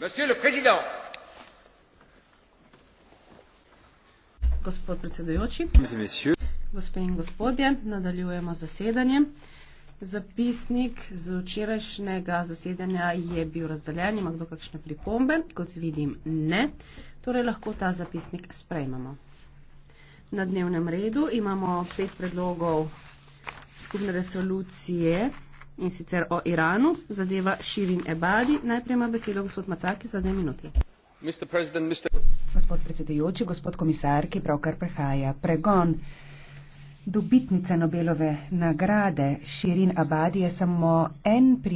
Monsieur le Président. Gospod predsedujoči, gospe in gospodje, nadaljujemo zasedanje. Zapisnik z včerajšnjega zasedanja je bil razdeljen, ima kdo kakšne pripombe, kot vidim ne, torej lahko ta zapisnik sprejmemo. Na dnevnem redu imamo pet predlogov skupne resolucije in sicer o Iranu, zadeva Širin Ebadi. Najprej ima besedo gospod Macaki za dve minuti. Mr. Mr. Gospod predsedujoči, gospod komisar, ki pravkar prehaja pregon. Dobitnica Nobelove nagrade Širin Abadi je samo en primer.